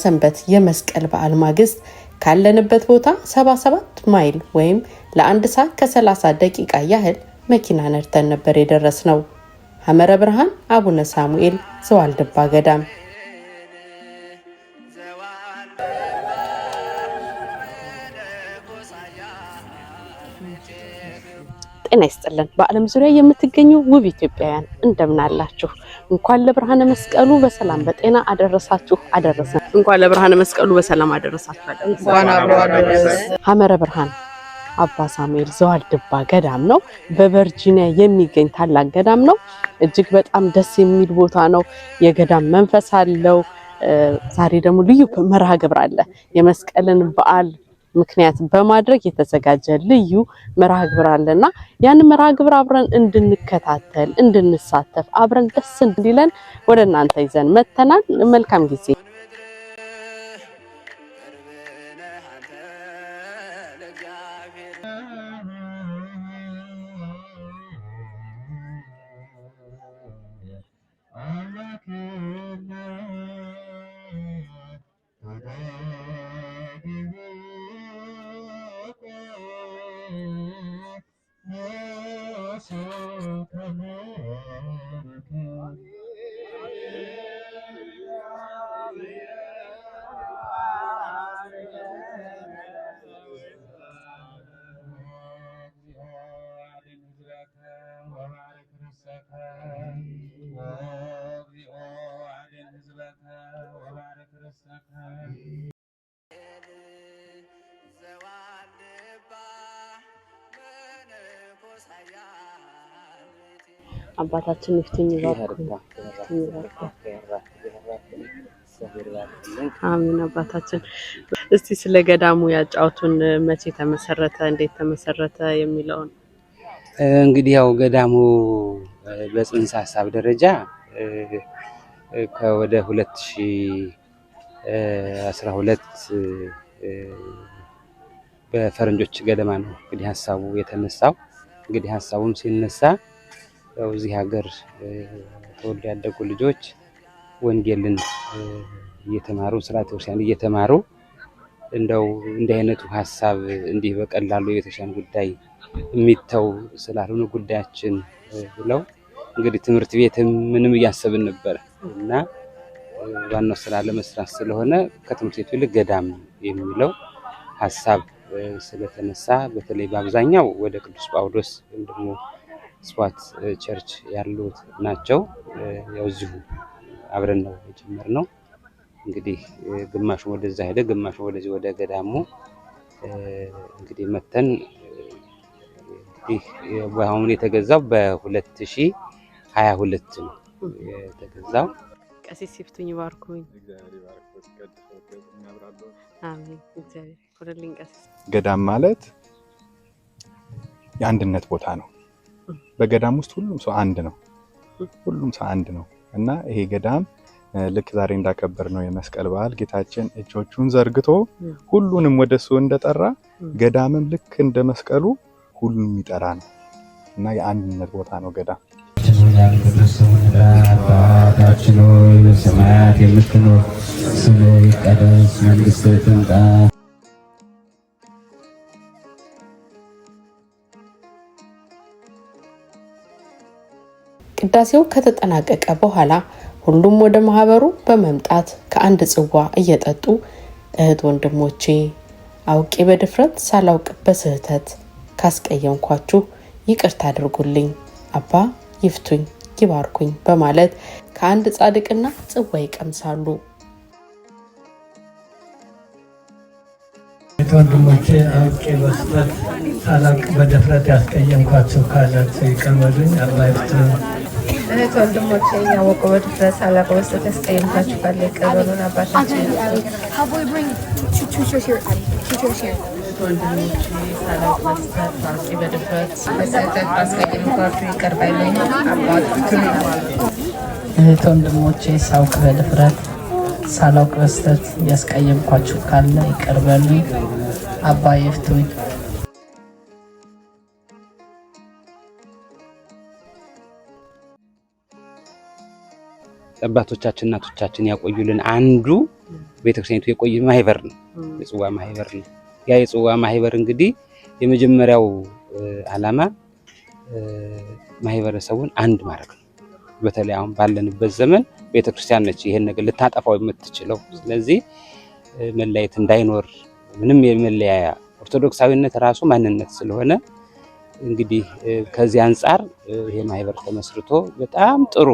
ሰንበት የመስቀል በዓል ማግስት ካለንበት ቦታ 77 ማይል ወይም ለአንድ ሰዓት ከ30 ደቂቃ ያህል መኪና ነድተን ነበር የደረስ ነው። ሐመረ ብርሃን አቡነ ሳሙኤል ዘዋልድባ ገዳም ጤና ይስጥልን። በዓለም ዙሪያ የምትገኙ ውብ ኢትዮጵያውያን እንደምን አላችሁ? እንኳን ለብርሃነ መስቀሉ በሰላም በጤና አደረሳችሁ አደረሰ። እንኳን ለብርሃነ መስቀሉ በሰላም አደረሳችሁ። ሐመረ ብርሃን አባ ሳሙኤል ዘዋልድባ ገዳም ነው። በቨርጂኒያ የሚገኝ ታላቅ ገዳም ነው። እጅግ በጣም ደስ የሚል ቦታ ነው። የገዳም መንፈስ አለው። ዛሬ ደግሞ ልዩ መርሃ ግብር አለ። የመስቀልን በዓል ምክንያት በማድረግ የተዘጋጀ ልዩ መርሃ ግብር እና ያንን መርሃ ግብር አብረን እንድንከታተል፣ እንድንሳተፍ አብረን ደስ እንዲለን ወደ እናንተ ይዘን መተናል። መልካም ጊዜ አባታችን ይፍትኝ ይባርኩ። አሜን። አባታችን እስቲ ስለ ገዳሙ ያጫውቱን። መቼ ተመሰረተ፣ እንዴት ተመሰረተ የሚለውን እንግዲህ ያው ገዳሙ በጽንሰ ሀሳብ ደረጃ ከወደ ሁለት ሺህ አስራ ሁለት በፈረንጆች ገደማ ነው እንግዲህ ሀሳቡ የተነሳው። እንግዲህ ሀሳቡም ሲነሳ ያው እዚህ ሀገር ተወልደው ያደጉ ልጆች ወንጌልን እየተማሩ ስርዓተ ክርስቲያን እየተማሩ እንደው እንዲህ አይነቱ ሀሳብ እንዲህ በቀላሉ የቤተሻን ጉዳይ የሚተው ስላልሆነ ጉዳያችን ብለው እንግዲህ ትምህርት ቤትም ምንም እያሰብን ነበር እና ዋናው ስራ ለመስራት ስለሆነ ከትምህርት ቤቱ ይልቅ ገዳም የሚለው ሀሳብ ስለተነሳ በተለይ በአብዛኛው ወደ ቅዱስ ጳውሎስ ወይም ደግሞ ስዋት ቸርች ያሉት ናቸው። ያው እዚሁ አብረን ነው የጀመርነው። እንግዲህ ግማሹ ወደዛ ሄደ፣ ግማሹ ወደዚህ ወደ ገዳሙ እንግዲህ መተን እንግዲህ አሁን የተገዛው በ2022 ነው የተገዛው። ቀሲስ ሲፍቱኝ ባርኩኝ። ገዳም ማለት የአንድነት ቦታ ነው። በገዳም ውስጥ ሁሉም ሰው አንድ ነው። ሁሉም ሰው አንድ ነው እና ይሄ ገዳም ልክ ዛሬ እንዳከበር ነው የመስቀል በዓል ጌታችን እጆቹን ዘርግቶ ሁሉንም ወደ እሱ እንደጠራ ገዳምም ልክ እንደ መስቀሉ ሁሉም የሚጠራ ነው እና የአንድነት ቦታ ነው ገዳም አባታችን ሆይ በሰማያት የምትኖር ይቀደስ፣ ትምጣ ቅዳሴው ከተጠናቀቀ በኋላ ሁሉም ወደ ማህበሩ በመምጣት ከአንድ ጽዋ እየጠጡ እህት ወንድሞቼ፣ አውቄ በድፍረት ሳላውቅ በስህተት ካስቀየምኳችሁ ይቅርታ አድርጉልኝ፣ አባ ይፍቱኝ፣ ይባርኩኝ በማለት ከአንድ ጻድቅና ጽዋ ይቀምሳሉ። ወንድሞቼ አውቄ በስጠት ሳላቅ በደፍረት ያስቀየምኳቸው ካላት ይቀመሉኝ። አላ ይፍት እህት ወንድሞቼ ያወቁ በድፍረት ሳላቅ በስጠት ያስቀየምኳቸው ካለ ይቀበሉን። አባታችን ወንድሞቼ ሳላቅ በስጠት እህት ወንድሞቼ ሳውቅ በድፍረት ሳላውቅ በስተት ያስቀየምኳችሁ ካለ ይቀርበሉ። በሉኝ። አባ ይፍቱኝ። አባቶቻችን እናቶቻችን ያቆዩልን አንዱ ቤተክርስቲያኒቱ የቆየ ማህበር ነው፣ የጽዋ ማህበር ነው። ያ የጽዋ ማህበር እንግዲህ የመጀመሪያው ዓላማ ማህበረሰቡን አንድ ማድረግ ነው። በተለይ አሁን ባለንበት ዘመን ቤተክርስቲያን ነች ይሄን ነገር ልታጠፋው የምትችለው። ስለዚህ መለያየት እንዳይኖር ምንም የመለያያ ኦርቶዶክሳዊነት ራሱ ማንነት ስለሆነ እንግዲህ ከዚህ አንጻር ይሄ ማህበር ተመስርቶ በጣም ጥሩ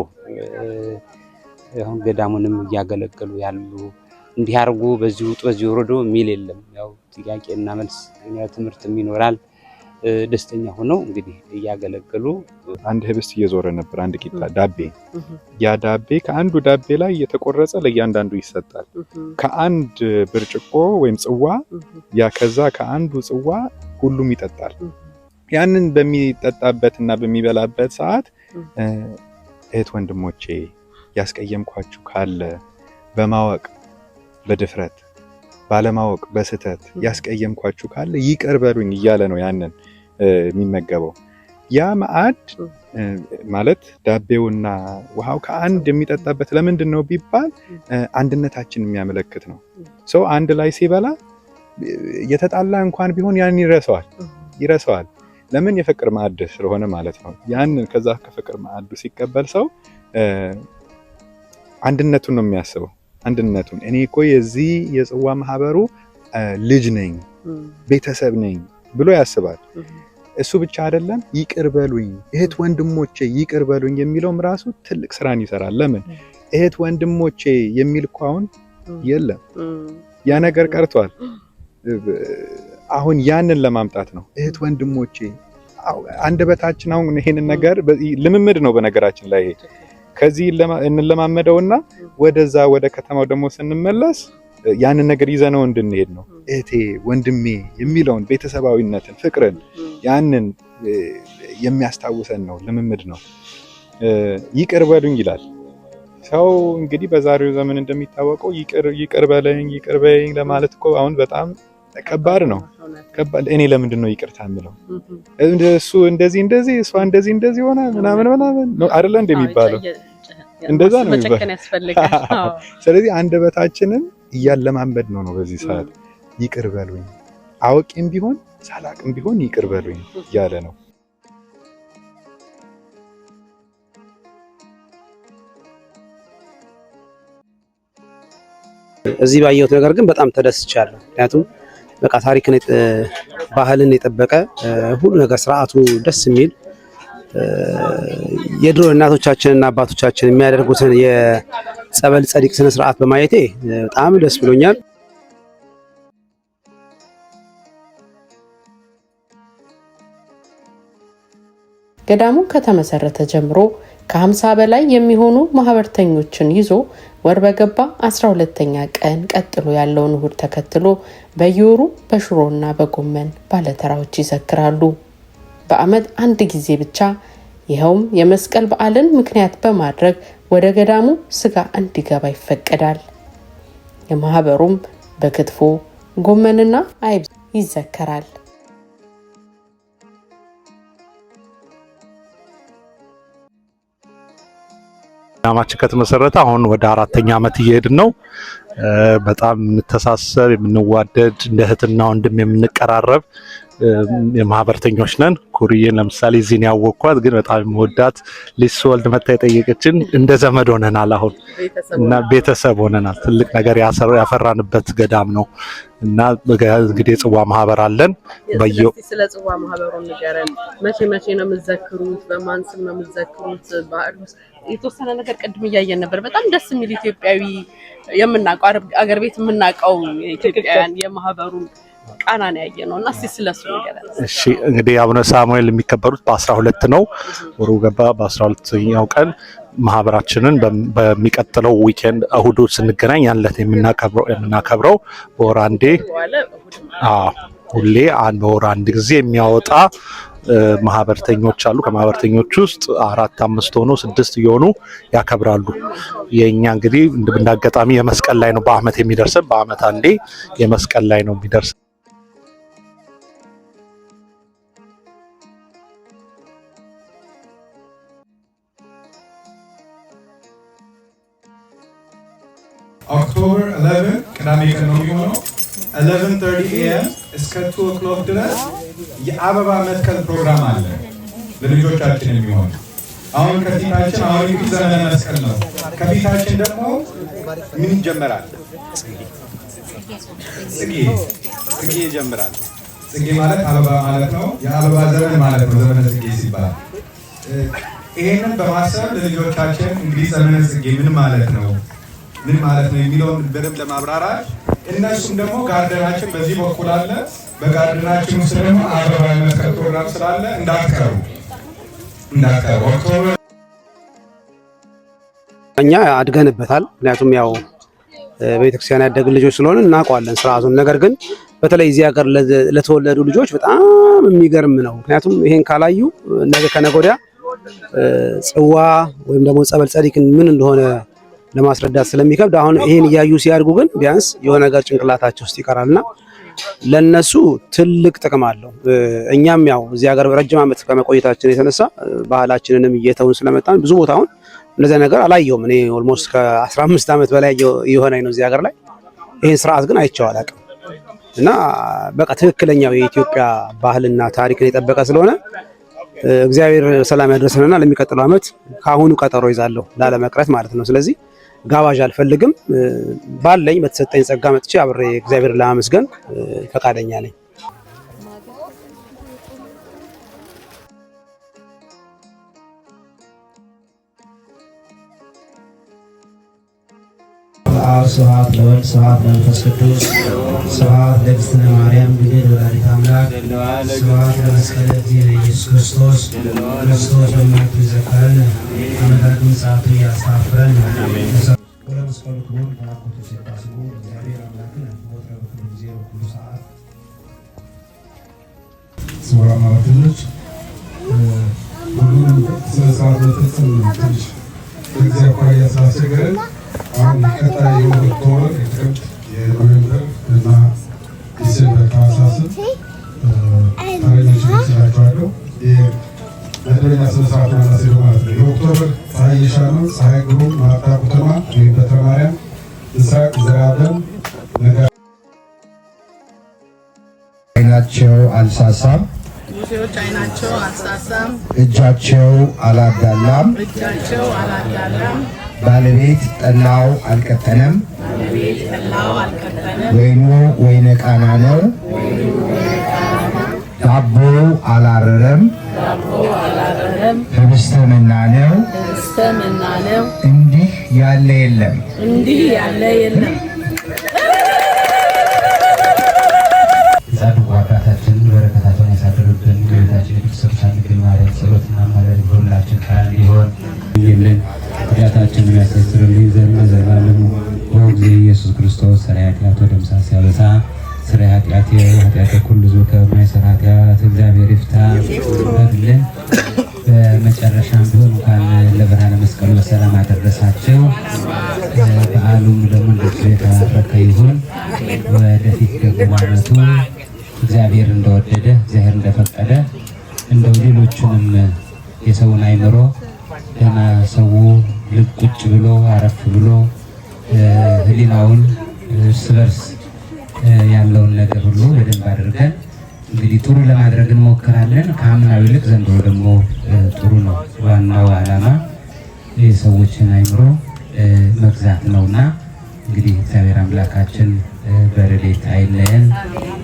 አሁን ገዳሙንም እያገለገሉ ያሉ እንዲህ አድርጉ በዚህ ውጡ በዚህ ወረዶ የሚል የለም። ያው ጥያቄና መልስ ትምህርትም ይኖራል። ደስተኛ ሆነው እንግዲህ እያገለገሉ አንድ ህብስት እየዞረ ነበር። አንድ ቂጣ ዳቤ፣ ያ ዳቤ ከአንዱ ዳቤ ላይ እየተቆረጸ ለእያንዳንዱ ይሰጣል። ከአንድ ብርጭቆ ወይም ጽዋ ያ ከዛ ከአንዱ ጽዋ ሁሉም ይጠጣል። ያንን በሚጠጣበትና በሚበላበት ሰዓት እህት ወንድሞቼ ያስቀየምኳችሁ ካለ በማወቅ በድፍረት ባለማወቅ በስህተት ያስቀየምኳችሁ ካለ ይቅር በሉኝ እያለ ነው ያንን የሚመገበው። ያ ማዕድ ማለት ዳቤውና ውሃው ከአንድ የሚጠጣበት ለምንድን ነው ቢባል አንድነታችን የሚያመለክት ነው። ሰው አንድ ላይ ሲበላ የተጣላ እንኳን ቢሆን ያንን ይረሳዋል ይረሳዋል። ለምን? የፍቅር ማዕድ ስለሆነ ማለት ነው። ያንን ከዛ ከፍቅር ማዕዱ ሲቀበል ሰው አንድነቱን ነው የሚያስበው። አንድነቱን እኔ እኮ የዚህ የጽዋ ማህበሩ ልጅ ነኝ፣ ቤተሰብ ነኝ ብሎ ያስባል። እሱ ብቻ አይደለም፣ ይቅር በሉኝ እህት ወንድሞቼ ይቅር በሉኝ የሚለውም ራሱ ትልቅ ስራን ይሰራል። ለምን እህት ወንድሞቼ የሚል እኮ አሁን የለም፣ ያ ነገር ቀርቷል። አሁን ያንን ለማምጣት ነው እህት ወንድሞቼ አንደበታችን አሁን ይሄንን ነገር ልምምድ ነው በነገራችን ላይ ይሄ ከዚህ እንለማመደውና ወደዛ ወደ ከተማው ደግሞ ስንመለስ ያንን ነገር ይዘነው እንድንሄድ ነው። እህቴ ወንድሜ የሚለውን ቤተሰባዊነትን፣ ፍቅርን ያንን የሚያስታውሰን ነው፣ ልምምድ ነው። ይቅር በሉኝ ይላል ሰው። እንግዲህ በዛሬው ዘመን እንደሚታወቀው ይቅር በለኝ ይቅር በይኝ ለማለት እኮ አሁን በጣም ከባድ ነው። እኔ ለምንድን ነው ይቅርታ የምለው? እሱ እንደዚህ እንደዚህ እሷ እንደዚህ እንደዚህ ሆነ ምናምን ምናምን አይደለ እንደሚባለው እንደዛ ነው የሚባለው። ስለዚህ አንደበታችንን እያለማመድ ነው ነው በዚህ ሰዓት ይቅር በሉኝ አውቂም ቢሆን ሳላቅም ቢሆን ይቅር በሉኝ እያለ ነው። እዚህ ባየሁት ነገር ግን በጣም ተደስቻለሁ። ምክንያቱም በቃ ታሪክን ባህልን የጠበቀ ሁሉ ነገር ስርዓቱ ደስ የሚል የድሮ እናቶቻችንና አባቶቻችን የሚያደርጉትን የጸበል ጸዲቅ ስነ ስርዓት በማየቴ በጣም ደስ ብሎኛል። ገዳሙ ከተመሰረተ ጀምሮ ከ50 በላይ የሚሆኑ ማህበርተኞችን ይዞ ወር በገባ 12ተኛ ቀን ቀጥሎ ያለውን እሁድ ተከትሎ በየወሩ በሽሮና በጎመን ባለተራዎች ይዘክራሉ። በዓመት አንድ ጊዜ ብቻ ይኸውም የመስቀል በዓልን ምክንያት በማድረግ ወደ ገዳሙ ስጋ እንዲገባ ይፈቀዳል። የማህበሩም በክትፎ ጎመንና አይብ ይዘከራል። አማችን ከተመሰረተ አሁን ወደ አራተኛ ዓመት እየሄድን ነው። በጣም የምንተሳሰብ የምንዋደድ እንደ እህትና ወንድም የምንቀራረብ የማህበርተኞች ነን። ኩርዬን ለምሳሌ እዚህን ያወቅኳት ግን በጣም የምወዳት ልጅ ስወልድ መታ የጠየቀችን እንደ ዘመድ ሆነናል። አሁን እና ቤተሰብ ሆነናል። ትልቅ ነገር ያፈራንበት ገዳም ነው እና እንግዲህ የጽዋ ማህበር አለን። ስለ ጽዋ ማህበሩ ንገረን። መቼ መቼ ነው የምዘክሩት? በማን ስም ነው የምዘክሩት? የተወሰነ ነገር ቅድም እያየን ነበር። በጣም ደስ የሚል ኢትዮጵያዊ የምናውቀው አገር ቤት የምናውቀው ኢትዮጵያውያን የማህበሩን ቃና ነው ያየ ነው እና እስቲ ስለሱ ነገር እሺ። እንግዲህ አቡነ ሳሙኤል የሚከበሩት በአስራ ሁለት ነው ወሩ ገባ በአስራ ሁለተኛው ቀን ማህበራችንን በሚቀጥለው ዊኬንድ እሁዱ ስንገናኝ ያለት የምናከብረው የምናከብረው በወር አንዴ አዎ ሁሌ በወር አንድ ጊዜ የሚያወጣ ማህበርተኞች አሉ። ከማህበርተኞች ውስጥ አራት አምስት ሆኖ ስድስት እየሆኑ ያከብራሉ። የእኛ እንግዲህ እንዳጋጣሚ የመስቀል ላይ ነው በአመት የሚደርሰን። በአመት አንዴ የመስቀል ላይ ነው የሚደርስ ኦክቶበር 11 ቅዳሜ ቀን ነው የሚሆነው 11:30 ኤም እስከ ቱ ኦክሎክ ድረስ የአበባ መትከል ፕሮግራም አለ ለልጆቻችን የሚሆን አሁን ከፊታችን አሁን ዘመነ መስቀል ነው። ከፊታችን ደግሞ ምን ይጀመራል? ጽጌ ጽጌ ይጀምራል። ጽጌ ማለት አበባ ማለት ነው። የአበባ ዘመን ማለት ነው። ዘመነ ጽጌ ሲባል ይህንን በማሰብ ለልጆቻችን እንግዲህ ዘመነ ጽጌ ምን ማለት ነው ምን ማለት ነው የሚለውን በደንብ ለማብራራት እነሱም ደግሞ ጋርደናችን በዚህ በኩል አለ። በጋርደናችን ውስጥ ደግሞ አበባ የመትከል ፕሮግራም ስላለ እንዳትቀሩ እንዳትቀሩ። ኦክቶበር እኛ አድገንበታል። ምክንያቱም ያው ቤተክርስቲያን ያደግን ልጆች ስለሆነ እናውቀዋለን ስርዓቱን። ነገር ግን በተለይ እዚህ ሀገር ለተወለዱ ልጆች በጣም የሚገርም ነው። ምክንያቱም ይሄን ካላዩ ነገ ከነገ ወዲያ ጽዋ ወይም ደግሞ ጸበል ጸዲቅን ምን እንደሆነ ለማስረዳት ስለሚከብድ አሁን ይሄን እያዩ ሲያድጉ ግን ቢያንስ የሆነ ነገር ጭንቅላታቸው ውስጥ ይቀራልና ለነሱ ትልቅ ጥቅም አለው። እኛም ያው እዚህ ሀገር ረጅም ዓመት ከመቆየታችን የተነሳ ባህላችንንም እየተውን ስለመጣን ብዙ ቦታ አሁን እንደዚያ ነገር አላየውም። እኔ ኦልሞስት ከ15 ዓመት በላይ የሆነ ነው እዚህ ሀገር ላይ ይህን ስርዓት ግን አይቼው አላውቅም። እና በቃ ትክክለኛው የኢትዮጵያ ባህልና ታሪክን የጠበቀ ስለሆነ እግዚአብሔር ሰላም ያድረሰንና ለሚቀጥለው ዓመት ከአሁኑ ቀጠሮ ይዛለሁ ላለመቅረት ማለት ነው። ስለዚህ ጋባዥ አልፈልግም። ባለኝ በተሰጠኝ ጸጋ መጥቼ አብሬ እግዚአብሔር ለማመስገን ፈቃደኛ ነኝ። አብ ስብሐት ለወልድ ስብሐት ለመንፈስ ቅዱስ ስብሐት ለእግዝእትነ ማርያም ድንግል ወላዲተ አምላክ ስብሐት ለመስቀለ እግዚእ ኢየሱስ ክርስቶስ ክርስቶስ በማይክ ይዘካል በእያንዳንዱ ሰዓቱ ያሳፍረን። ለመስቀሉ ክቡር መላኩቱ ሲታስቡ እግዚአብሔር አምላክን በሁሉ ጊዜ በሁሉ ሰዓት ስራ ማለትነች ሁሉም ስነስርዓት መፈጸም ትንሽ ከጊዜ አኳያ ስላስቸገረን አሁን ቀጣይ የኦክቶበር፣ የጥቅምት፣ የኖቬምበር እና ዲሴምበር ታህሳስን ታሪኖች ስላቸዋለሁ መደበኛ ስነስርዓት ተመሳሳይ ማለት ነው። የኦክቶበር ፀሐይ የሻኑ፣ ፀሐይ ግሩም፣ ማርታ ኩተማ ወይም በትረ ማርያም፣ ምስራቅ ዘራለም ነጋ አይናቸው አልሳሳም እጃቸው አላዳላም ባለቤት ጠላው አልቀጠነም ወይኑ ወይነ ቃና ነው ዳቦ አላረረም ህብስተ መናንያው እንዲህ ያለ የለም እንዲህ ያለ የለም። የጻድቁ አባታችን በረከታቸውን ያሳደሩብን ቤታችን የቅዱሳን ድንግል ማርያም ጸሎትና ማረድ ሁላችን ቃል ይሆን ይልን ኃጢአታችንን የሚያስተሰርይልን ዘመን ዘላለሙ ጊዜ ኢየሱስ ክርስቶስ ስራ ኃጢአት ወደምሳ ሲያበሳ ስራ ኃጢአት ኃጢአት ኩሉ ዙ ከማይሰራ ኃጢአት እግዚአብሔር ይፍታ። እንሞክራለን። ከአምናው ይልቅ ዘንድሮ ደግሞ ጥሩ ነው። ዋናው ዓላማ የሰዎችን አይምሮ መግዛት ነውና እንግዲህ እግዚአብሔር አምላካችን በረዴት አይለየን።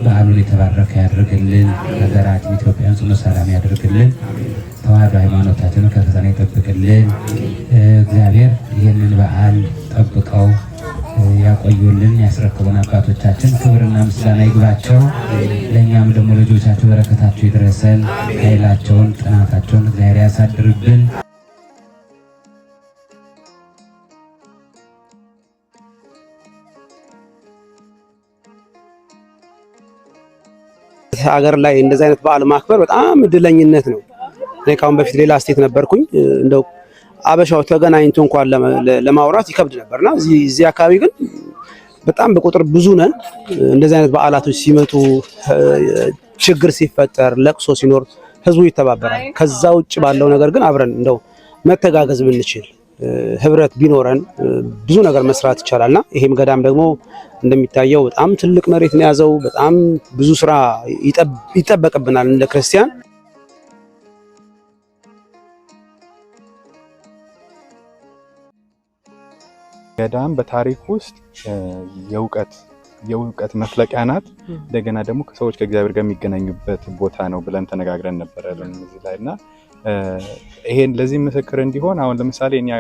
በዓሉን የተባረከ ያደርግልን ሀገራችን ኢትዮጵያን ጽኑ ሰላም ያደርግልን ተዋህዶ ሃይማኖታችን ከፈተና ይጠብቅልን። እግዚአብሔር ይህንን በዓል ጠብቀው ያቆዩልን ያስረክቡን አባቶቻችን ክብርና ምስጋና ይግባቸው። ለእኛም ደግሞ ልጆቻቸው በረከታቸው ይድረሰን። ኃይላቸውን ጥናታቸውን እግዚአብሔር ያሳድርብን። ሀገር ላይ እንደዚህ አይነት በዓል ማክበር በጣም እድለኝነት ነው። እኔ ካሁን በፊት ሌላ ስቴት ነበርኩኝ እንደው አበሻው ተገናኝቶ እንኳን ለማውራት ይከብድ ነበርና እዚህ አካባቢ ግን በጣም በቁጥር ብዙ ነን። እንደዚህ አይነት በዓላቶች ሲመጡ፣ ችግር ሲፈጠር፣ ለቅሶ ሲኖር ህዝቡ ይተባበራል። ከዛ ውጭ ባለው ነገር ግን አብረን እንደው መተጋገዝ ብንችል ህብረት ቢኖረን ብዙ ነገር መስራት ይቻላልና ይሄም ገዳም ደግሞ እንደሚታየው በጣም ትልቅ መሬት ነው የያዘው። በጣም ብዙ ስራ ይጠበቅብናል እንደ ክርስቲያን ገዳም በታሪክ ውስጥ የእውቀት የእውቀት መፍለቂያ ናት። እንደገና ደግሞ ከሰዎች ከእግዚአብሔር ጋር የሚገናኙበት ቦታ ነው ብለን ተነጋግረን ነበረ እዚህ ላይ እና ይሄን ለዚህ ምስክር እንዲሆን አሁን ለምሳሌ እኛ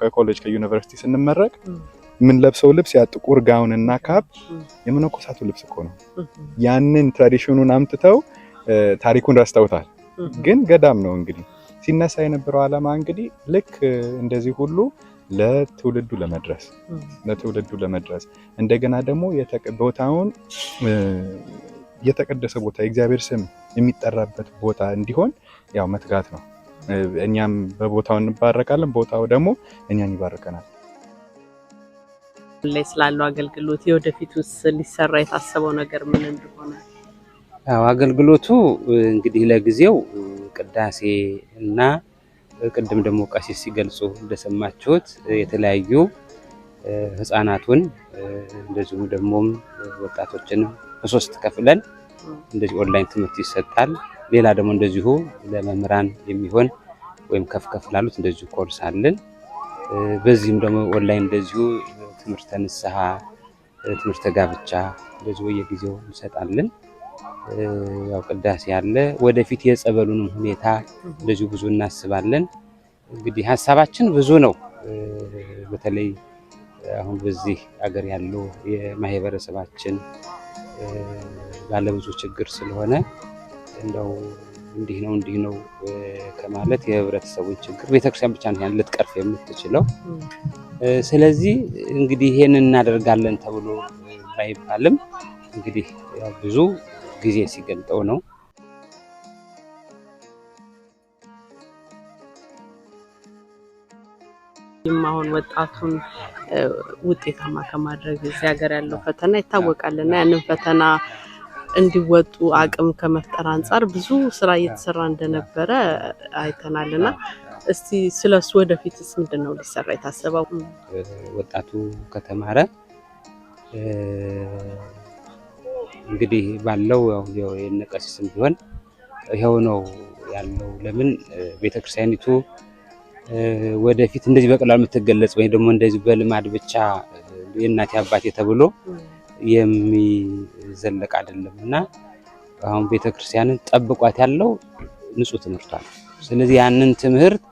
ከኮሌጅ ከዩኒቨርሲቲ ስንመረቅ የምንለብሰው ልብስ ያ ጥቁር ጋውን እና ካፕ የመነኮሳቱ ልብስ እኮ ነው። ያንን ትራዲሽኑን አምጥተው ታሪኩን ረስተውታል። ግን ገዳም ነው እንግዲህ ሲነሳ የነበረው ዓላማ እንግዲህ ልክ እንደዚህ ሁሉ ለትውልዱ ለመድረስ ለትውልዱ ለመድረስ እንደገና ደግሞ ቦታውን የተቀደሰ ቦታ የእግዚአብሔር ስም የሚጠራበት ቦታ እንዲሆን ያው መትጋት ነው። እኛም በቦታው እንባረካለን፣ ቦታው ደግሞ እኛን ይባርከናል። ላይ ስላለው አገልግሎት የወደፊቱስ ሊሰራ የታሰበው ነገር ምን እንደሆነ? አገልግሎቱ እንግዲህ ለጊዜው ቅዳሴ እና ቅድም ደግሞ ቀሲስ ሲገልጹ እንደሰማችሁት የተለያዩ ህጻናቱን እንደዚሁ ደግሞም ወጣቶችን በሶስት ከፍለን እንደዚህ ኦንላይን ትምህርት ይሰጣል። ሌላ ደግሞ እንደዚሁ ለመምህራን የሚሆን ወይም ከፍ ከፍ ላሉት እንደዚሁ ኮርስ አለን። በዚህም ደግሞ ኦንላይን እንደዚሁ ትምህርተ ንስሐ፣ ትምህርተ ጋብቻ እንደዚሁ በየጊዜው እንሰጣለን። ያው ቅዳሴ አለ። ወደፊት የጸበሉንም ሁኔታ እንደዚሁ ብዙ እናስባለን። እንግዲህ ሀሳባችን ብዙ ነው። በተለይ አሁን በዚህ አገር ያለው የማህበረሰባችን ባለብዙ ችግር ስለሆነ እንደው እንዲህ ነው እንዲህ ነው ከማለት የህብረተሰቡን ችግር ቤተክርስቲያን ብቻ ያን ልትቀርፍ የምትችለው። ስለዚህ እንግዲህ ይሄን እናደርጋለን ተብሎ ባይባልም እንግዲህ ብዙ ጊዜ ሲገልጠው ነው። አሁን ወጣቱን ውጤታማ ከማድረግ እዚህ ሀገር ያለው ፈተና ይታወቃል እና ያንን ፈተና እንዲወጡ አቅም ከመፍጠር አንጻር ብዙ ስራ እየተሰራ እንደነበረ አይተናል እና እስቲ ስለሱ ወደፊትስ ምንድን ነው ሊሰራ የታሰበው? ወጣቱ ከተማረ እንግዲህ ባለው ያው የነቀሲስም ቢሆን ይኸው ነው ያለው። ለምን ቤተክርስቲያኒቱ ወደፊት እንደዚህ በቀላሉ የምትገለጽ ወይም ደግሞ እንደዚህ በልማድ ብቻ የእናቴ አባቴ ተብሎ የሚዘለቅ አይደለም እና አሁን ቤተክርስቲያንን ጠብቋት ያለው ንጹህ ትምህርቷ ነው። ስለዚህ ያንን ትምህርት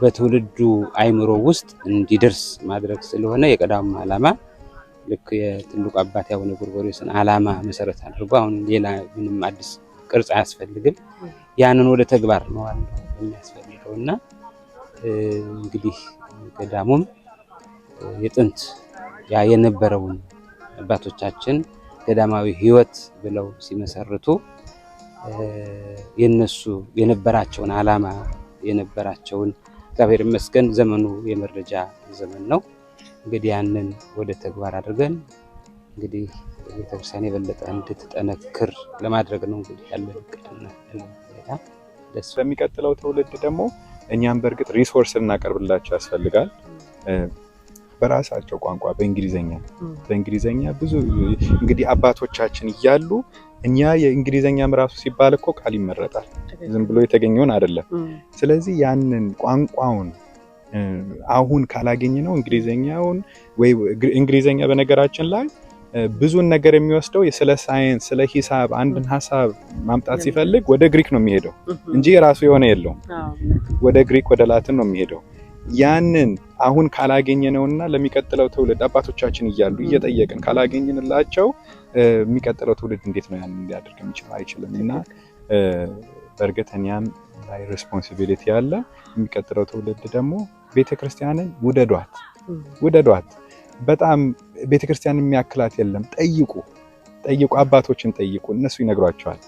በትውልዱ አይምሮ ውስጥ እንዲደርስ ማድረግ ስለሆነ የቀዳሙ ዓላማ ልክ የትልቁ አባት አቡነ ጎርጎርዮስን ዓላማ መሰረት አድርጎ አሁን ሌላ ምንም አዲስ ቅርጽ አያስፈልግም። ያንን ወደ ተግባር ነው የሚያስፈልገው እና እንግዲህ ገዳሙም የጥንት ያ የነበረውን አባቶቻችን ገዳማዊ ሕይወት ብለው ሲመሰርቱ የነሱ የነበራቸውን ዓላማ የነበራቸውን እግዚአብሔር ይመስገን ዘመኑ የመረጃ ዘመን ነው። እንግዲህ ያንን ወደ ተግባር አድርገን እንግዲህ ቤተክርስቲያን የበለጠ እንድትጠነክር ለማድረግ ነው እንግዲህ ያለን እቅድና ደስ በሚቀጥለው ትውልድ ደግሞ እኛም በእርግጥ ሪሶርስ ልናቀርብላቸው ያስፈልጋል። በራሳቸው ቋንቋ በእንግሊዘኛ በእንግሊዘኛ ብዙ እንግዲህ አባቶቻችን እያሉ እኛ የእንግሊዘኛም ራሱ ሲባል እኮ ቃል ይመረጣል፣ ዝም ብሎ የተገኘውን አይደለም። ስለዚህ ያንን ቋንቋውን አሁን ካላገኝ ነው እንግሊዘኛውን ወይ እንግሊዘኛ በነገራችን ላይ ብዙን ነገር የሚወስደው ስለ ሳይንስ ስለ ሂሳብ አንድን ሀሳብ ማምጣት ሲፈልግ ወደ ግሪክ ነው የሚሄደው እንጂ የራሱ የሆነ የለውም። ወደ ግሪክ ወደ ላትን ነው የሚሄደው። ያንን አሁን ካላገኘነውና ለሚቀጥለው ትውልድ አባቶቻችን እያሉ እየጠየቅን ካላገኝንላቸው የሚቀጥለው ትውልድ እንዴት ነው ያንን ሊያደርግ የሚችል አይችልም። እና በእርግጥ ላይ ሬስፖንሲቢሊቲ አለ የሚቀጥለው ትውልድ ደግሞ ቤተክርስቲያንን ውደዷት ውደዷት። በጣም ክርስቲያን የሚያክላት የለም። ጠይቁ ጠይቁ፣ አባቶችን ጠይቁ፣ እነሱ ይነግሯቸዋል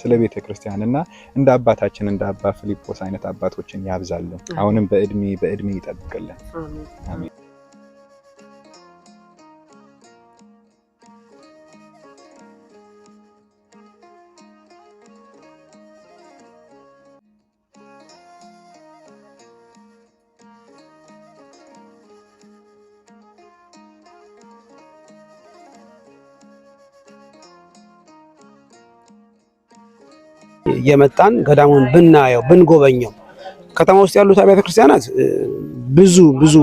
ስለ ክርስቲያን እና እንደ አባታችን እንደ አባ ፊሊጶስ አይነት አባቶችን ያብዛልን። አሁንም በእድሜ በእድሜ ይጠብቅልን። አሜን። የመጣን ገዳሙን ብናየው ብንጎበኘው ከተማ ውስጥ ያሉት አብያተ ክርስቲያናት ብዙ ብዙ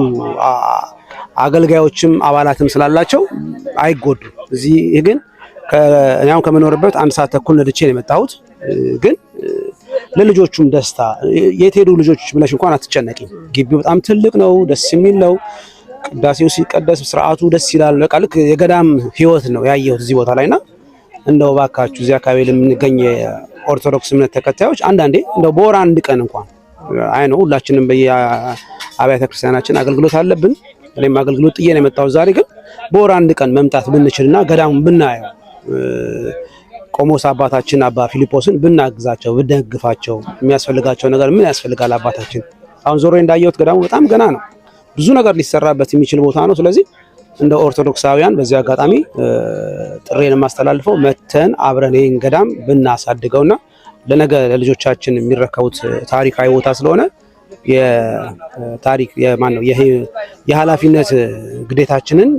አገልጋዮችም አባላትም ስላላቸው አይጎዱ። እዚህ ግን እኔም ከምኖርበት አንድ ሰዓት ተኩል ነድቼ ነው የመጣሁት። ግን ለልጆቹም ደስታ የት ሄዱ ልጆች ብለሽ እንኳን አትጨነቂም። ግቢው በጣም ትልቅ ነው፣ ደስ የሚል ነው። ቅዳሴው ሲቀደስ ስርዓቱ ደስ ይላል። በቃ ልክ የገዳም ህይወት ነው ያየሁት እዚህ ቦታ ላይ እና እንደው ባካችሁ እዚህ አካባቢ ለምንገኝ ኦርቶዶክስ እምነት ተከታዮች አንዳንዴ እንደው በወር አንድ ቀን እንኳን አይ ነው ሁላችንም በየአብያተ ክርስቲያናችን አገልግሎት አለብን። እኔም አገልግሎት ጥዬ ነው የመጣሁት ዛሬ። ግን በወር አንድ ቀን መምጣት ብንችልና ገዳሙን ብናየው ቆሞስ አባታችን አባ ፊልጶስን ብናግዛቸው ብደግፋቸው የሚያስፈልጋቸው ነገር ምን ያስፈልጋል? አባታችን አሁን ዞሮ እንዳየሁት ገዳሙ በጣም ገና ነው። ብዙ ነገር ሊሰራበት የሚችል ቦታ ነው። ስለዚህ እንደ ኦርቶዶክሳውያን በዚህ አጋጣሚ ጥሬን የማስተላልፈው መተን አብረን ይህን ገዳም ብናሳድገውና ለነገ ለልጆቻችን የሚረከቡት ታሪካዊ ቦታ ስለሆነ የታሪክ የማን ነው የኃላፊነት ግዴታችንን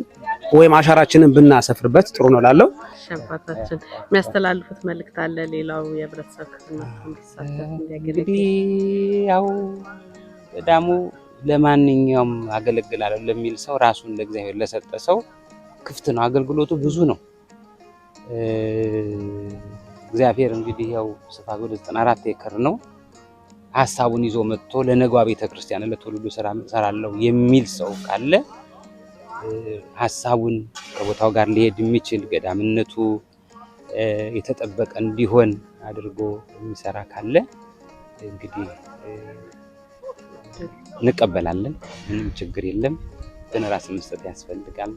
ወይም አሻራችንን ብናሰፍርበት ጥሩ ነው ላለው አባታችን የሚያስተላልፉት መልእክት አለ። ሌላው የህብረተሰብ ክፍል እንግዲህ ያው ገዳሙ ለማንኛውም አገለግላለሁ ለሚል ሰው ራሱን ለእግዚአብሔር ለሰጠ ሰው ክፍት ነው። አገልግሎቱ ብዙ ነው። እግዚአብሔር እንግዲህ ያው ስፋት ወደ 94 ኤከር ነው። ሀሳቡን ይዞ መጥቶ ለነጓ ቤተክርስቲያን ለትውልዱ ሰራለው የሚል ሰው ካለ ሀሳቡን ከቦታው ጋር ሊሄድ የሚችል ገዳምነቱ የተጠበቀ እንዲሆን አድርጎ የሚሰራ ካለ እንግዲህ እንቀበላለን። ምንም ችግር የለም። ግን ራስ መስጠት ያስፈልጋል።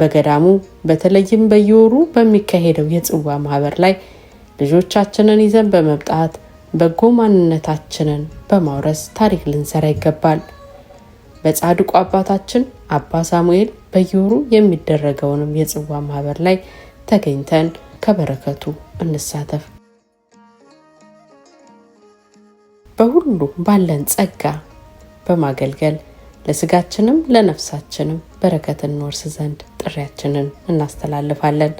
በገዳሙ በተለይም በየወሩ በሚካሄደው የጽዋ ማህበር ላይ ልጆቻችንን ይዘን በመምጣት በጎ ማንነታችንን በማውረስ ታሪክ ልንሰራ ይገባል። በጻድቁ አባታችን አባ ሳሙኤል በየወሩ የሚደረገውንም የጽዋ ማህበር ላይ ተገኝተን ከበረከቱ እንሳተፍ። በሁሉ ባለን ጸጋ በማገልገል ለስጋችንም ለነፍሳችንም በረከት እንወርስ ዘንድ ጥሪያችንን እናስተላልፋለን።